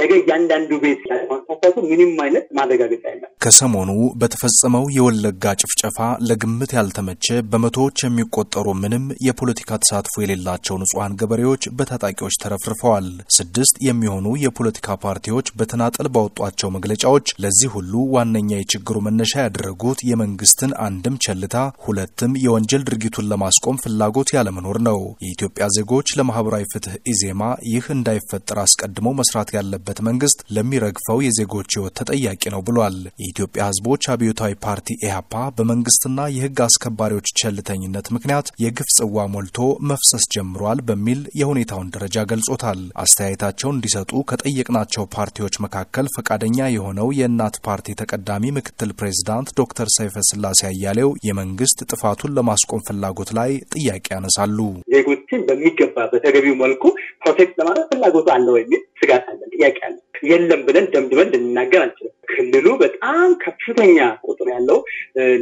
ነገ እያንዳንዱ ቤት ያለማስፋፋቱ ምንም አይነት ማረጋገጫ የለም። ከሰሞኑ በተፈጸመው የወለጋ ጭፍጨፋ ለግምት ያልተመቸ በመቶዎች የሚቆጠሩ ምንም የፖለቲካ ተሳትፎ የሌላቸው ንጹሐን ገበሬዎች በታጣቂዎች ተረፍርፈዋል። ስድስት የሚሆኑ የፖለቲካ ፓርቲዎች በተናጠል ባወጧቸው መግለጫዎች ለዚህ ሁሉ ዋነኛ የችግሩ መነሻ ያደረጉት የመንግስትን አንድም ቸልታ፣ ሁለትም የወንጀል ድርጊቱን ለማስቆም ፍላጎት ያለመኖር ነው። የኢትዮጵያ ዜጎች ለማህበራዊ ፍትህ ኢዜማ ይህ እንዳይፈጠር አስቀድሞ መስራት ያለበት ያለበት መንግስት ለሚረግፈው የዜጎች ህይወት ተጠያቂ ነው ብሏል። የኢትዮጵያ ህዝቦች አብዮታዊ ፓርቲ ኢህአፓ በመንግስትና የህግ አስከባሪዎች ቸልተኝነት ምክንያት የግፍ ጽዋ ሞልቶ መፍሰስ ጀምሯል በሚል የሁኔታውን ደረጃ ገልጾታል። አስተያየታቸውን እንዲሰጡ ከጠየቅናቸው ፓርቲዎች መካከል ፈቃደኛ የሆነው የእናት ፓርቲ ተቀዳሚ ምክትል ፕሬዝዳንት ዶክተር ሰይፈ ስላሴ አያሌው የመንግስት ጥፋቱን ለማስቆም ፍላጎት ላይ ጥያቄ ያነሳሉ። ዜጎችን በሚገባ በተገቢው መልኩ ፕሮቴክት ለማድረግ ፍላጎቱ አለው የሚል ስጋት አለን ጥያቄ ያውቃል። የለም ብለን ደምድመን ልንናገር አንችልም። ክልሉ በጣም ከፍተኛ ቁጥር ያለው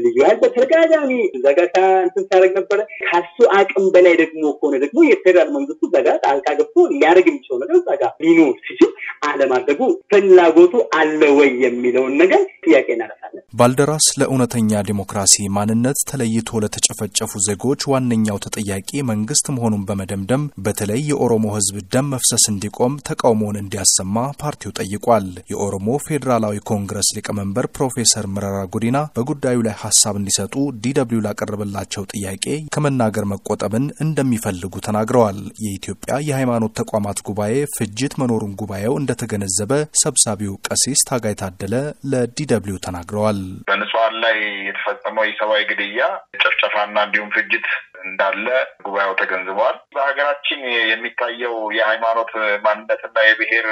ልዩ ኃይል በተደጋጋሚ ዘጋታ እንትን ሲያደርግ ነበረ። ከሱ አቅም በላይ ደግሞ ከሆነ ደግሞ የፌዴራል መንግስቱ ዘጋ ጣልቃ ገብቶ ሊያደርግ የሚችለው ነገር ዘጋ ሊኖር ሲችል አለማድረጉ ፍላጎቱ አለ ወይ የሚለውን ነገር ጥያቄ እናነሳለን። ባልደራስ ለእውነተኛ ዲሞክራሲ ማንነት ተለይቶ ለተጨፈጨፉ ዜጎች ዋነኛው ተጠያቂ መንግስት መሆኑን በመደምደም በተለይ የኦሮሞ ህዝብ ደም መፍሰስ እንዲቆም ተቃውሞውን እንዲያሰማ ፓርቲው ጠይቋል። የኦሮሞ ፌዴራላዊ ኮንግረስ ሊቀመንበር ፕሮፌሰር መረራ ጉዲና በጉዳዩ ላይ ሀሳብ እንዲሰጡ ዲደብሊው ላቀረበላቸው ጥያቄ ከመናገር መቆጠብን እንደሚፈልጉ ተናግረዋል። የኢትዮጵያ የሃይማኖት ተቋማት ጉባኤ ፍጅት መኖሩን ጉባኤው እንደተገነዘበ ሰብሳቢው ቀሲስ ታጋይ ታደለ ለዲደብሊው ተናግረዋል። በንጹሐን ላይ የተፈጸመው የሰብአዊ ግድያ፣ ጭፍጨፋና እንዲሁም ፍጅት እንዳለ ጉባኤው ተገንዝቧል። በሀገራችን የሚታየው የሃይማኖት ማንነትና የብሔር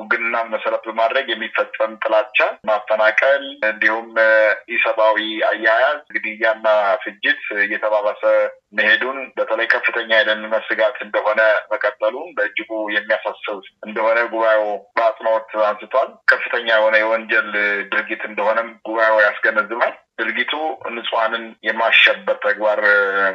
ውግንና መሰረት በማድረግ የሚፈጸም ጥላቻ፣ ማፈናቀል እንዲሁም ኢሰብአዊ አያያዝ፣ ግድያና ፍጅት እየተባባሰ መሄዱን በተለይ ከፍተኛ የደህንነት ስጋት እንደሆነ መቀጠሉን በእጅጉ የሚያሳስብ እንደሆነ ጉባኤው በአጽንኦት አንስቷል። ከፍተኛ የሆነ የወንጀል ድርጊት እንደሆነም ጉባኤው ያስገነዝባል። ድርጊቱ ንጹሐንን የማሸበር ተግባር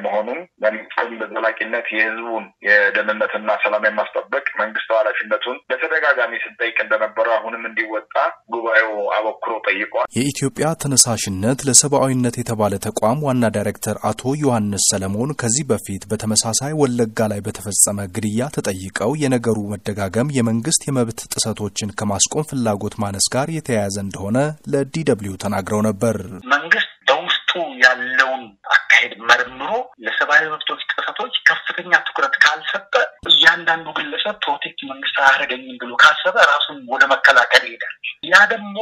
መሆኑን መንግስትም በዘላቂነት የህዝቡን የደህንነትና ሰላም የማስጠበቅ መንግስቱ ኃላፊነቱን በተደጋጋሚ ስንጠይቅ እንደነበረ አሁንም እንዲወጣ ጉባኤው አበክሮ ጠይቋል። የኢትዮጵያ ተነሳሽነት ለሰብአዊነት የተባለ ተቋም ዋና ዳይሬክተር አቶ ዮሐንስ ሰለሞን ከዚህ በፊት በተመሳሳይ ወለጋ ላይ በተፈጸመ ግድያ ተጠይቀው የነገሩ መደጋገም የመንግስት የመብት ጥሰቶችን ከማስቆም ፍላጎት ማነስ ጋር የተያያዘ እንደሆነ ለዲደብሊው ተናግረው ነበር። መንግስት በውስጡ ያለውን አካሄድ መርምሮ ለሰብአዊ መብቶች ጥሰቶች ከፍተኛ ትኩረት ካልሰጠ፣ እያንዳንዱ ግለሰብ ፕሮቴክት መንግስት አያደርገኝም ብሎ ካሰበ ራሱን ወደ መከላከል ይሄዳል። ያ ደግሞ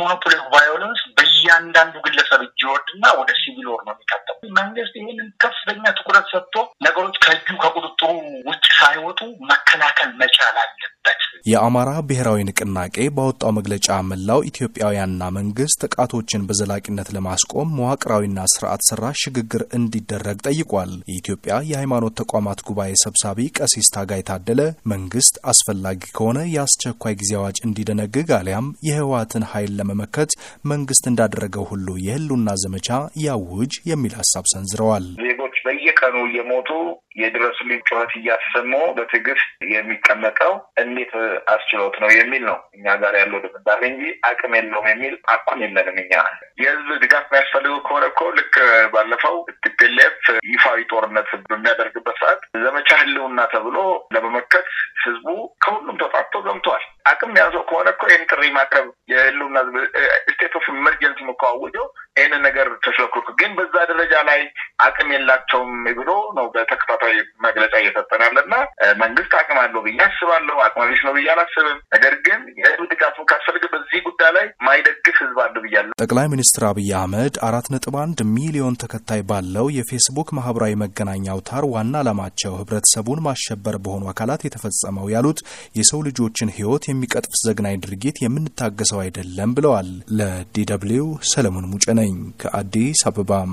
ሞኖፖሊ ቫዮለንስ በእያንዳንዱ ግለሰብ እጅ ይወርድና ወደ ሲቪል ወር ነው የሚቀጥለው። መንግስት ይህንን ከፍተኛ ትኩረት ሰጥቶ ነገሮች ከእጁ ከቁጥጥሩ ውጭ ሳይወጡ መከላከል መቻል አለበት። የአማራ ብሔራዊ ንቅናቄ ባወጣው መግለጫ መላው ኢትዮጵያውያንና መንግስት ጥቃቶችን በዘላቂነት ለማስቆም መዋቅራዊና ስርዓት ሰራሽ ሽግግር እንዲደረግ ጠይቋል። የኢትዮጵያ የሃይማኖት ተቋማት ጉባኤ ሰብሳቢ ቀሲስ ታጋይ ታደለ መንግስት አስፈላጊ ከሆነ የአስቸኳይ ጊዜ አዋጅ እንዲደነግግ አሊያም የህወሓትን ኃይል ለመመከት መንግስት እንዳደረገው ሁሉ የህልውና ዘመቻ ያውጅ የሚል ሀሳብ ሰንዝረዋል። ሰዎች በየቀኑ እየሞቱ የድረሱልኝ ጩኸት እያሰሙ በትዕግስት የሚቀመጠው እንዴት አስችሎት ነው የሚል ነው እኛ ጋር ያለው ድምዳሴ እንጂ አቅም የለውም የሚል አቋም የለንም። እኛ የህዝብ ድጋፍ የሚያስፈልገው ከሆነ እኮ ልክ ባለፈው ቲፒኤልኤፍ ይፋዊ ጦርነት በሚያደርግበት ሰዓት ዘመቻ ህልውና ተብሎ ለመመከት ህዝቡ ከሁሉም ተጣጥቶ ገምቷል። አቅም የያዘው ከሆነ እኮ ይህን ጥሪ ማቅረብ የህልውና ስቴት ኦፍ ኢመርጀንሲ መቋወጀው ይህንን ነገር ተሽለክኩ ግን በዛ ደረጃ ላይ አቅም የላቸውም ብሎ ነው በተከታታይ መግለጫ እየሰጠናል እና መንግስት አቅም አለው ብዬ አስባለሁ። አቅም ቢስ ነው ብዬ አላስብም። ነገር ግን የህዝብ ድጋፉን ካስፈልገ በዚህ ጉዳይ ላይ ማይደግፍ ህዝብ አለ ብያለሁ። ጠቅላይ ሚኒስትር አብይ አህመድ አራት ነጥብ አንድ ሚሊዮን ተከታይ ባለው የፌስቡክ ማህበራዊ መገናኛ አውታር ዋና አላማቸው ህብረተሰቡን ማሸበር በሆኑ አካላት የተፈጸመው ያሉት የሰው ልጆችን ህይወት የሚቀጥፍ ዘግናኝ ድርጊት የምንታገሰው አይደለም ብለዋል። ለ ለዲ ደብልዩ ሰለሞን ሙጨ ነኝ ከአዲስ አበባም